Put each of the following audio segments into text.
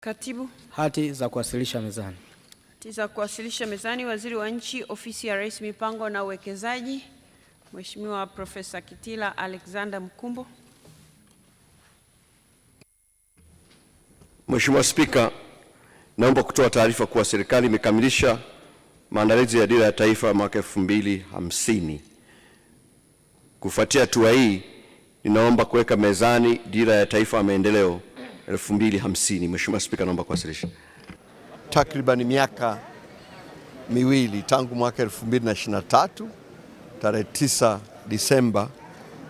Katibu, hati za kuwasilisha mezani. Hati za kuwasilisha mezani. Waziri wa Nchi, Ofisi ya Rais, Mipango na Uwekezaji, Mheshimiwa Profesa Kitila Alexander Mkumbo. Mheshimiwa Spika, naomba kutoa taarifa kuwa serikali imekamilisha maandalizi ya dira ya taifa ya mwaka 2050. Kufuatia hatua hii, ninaomba kuweka mezani dira ya taifa ya maendeleo 2050. Mheshimiwa Spika, naomba kuwasilisha. Takriban miaka miwili tangu mwaka 2023 tarehe 9 Disemba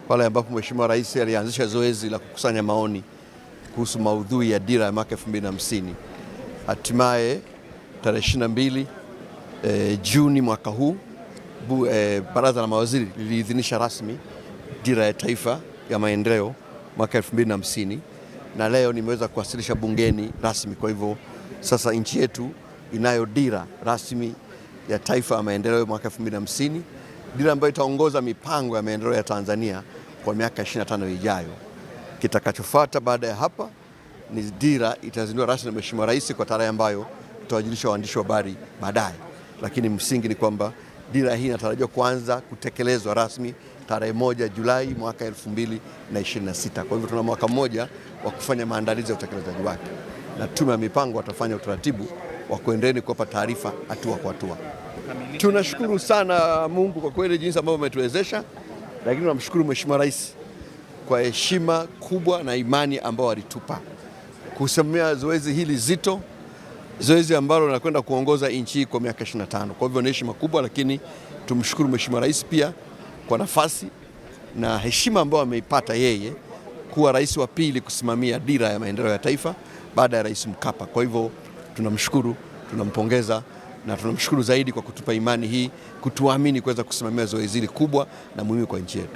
pale ambapo Mheshimiwa Rais alianzisha zoezi la kukusanya maoni kuhusu maudhui ya dira ya mwaka 2050. Hatimaye tarehe 22 e, eh, Juni mwaka huu bu, e, baraza la mawaziri liliidhinisha rasmi dira ya taifa ya maendeleo mwaka 2050 na leo nimeweza kuwasilisha bungeni rasmi. Kwa hivyo sasa nchi yetu inayo dira rasmi ya taifa ya maendeleo mwaka 2050, dira ambayo itaongoza mipango ya maendeleo ya Tanzania kwa miaka 25 ijayo. Kitakachofuata baada ya hapa ni dira itazindua rasmi na Mheshimiwa Rais kwa tarehe ambayo tutawajulisha waandishi wa habari baadaye, lakini msingi ni kwamba dira hii inatarajiwa kuanza kutekelezwa rasmi tarehe moja Julai mwaka 2026. Kwa hivyo tuna mwaka mmoja wa kufanya maandalizi ya utekelezaji wake, na tume ya mipango watafanya utaratibu wa kuendeni kuwapa taarifa hatua kwa hatua. Tunashukuru sana Mungu kwa kweli jinsi ambavyo ametuwezesha, lakini tunamshukuru Mheshimiwa Rais kwa heshima kubwa na imani ambayo alitupa kusimamia zoezi hili zito, zoezi ambalo linakwenda kuongoza nchi hii kwa miaka 25. Kwa hivyo ni heshima kubwa, lakini tumshukuru Mheshimiwa Rais pia kwa nafasi na heshima ambayo ameipata yeye kuwa rais wa pili kusimamia dira ya maendeleo ya taifa baada ya Rais Mkapa. Kwa hivyo tunamshukuru, tunampongeza na tunamshukuru zaidi kwa kutupa imani hii, kutuamini kuweza kusimamia zoezi hili kubwa na muhimu kwa nchi yetu.